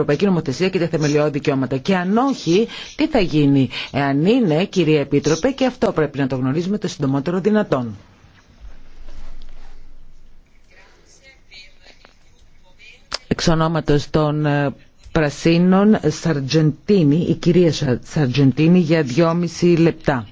Ευρωπαϊκή Νομοθεσία και τα θεμελιώδη δικαιώματα. Και αν όχι, τι θα γίνει. Εάν είναι, κυρία Επίτροπε, και αυτό πρέπει να το γνωρίζουμε το συντομότερο δυνατόν. Εξ ονόματος των ε, Πρασίνων Σαρτζεντίνη, η κυρία Σαρτζεντίνη για δυόμιση λεπτά.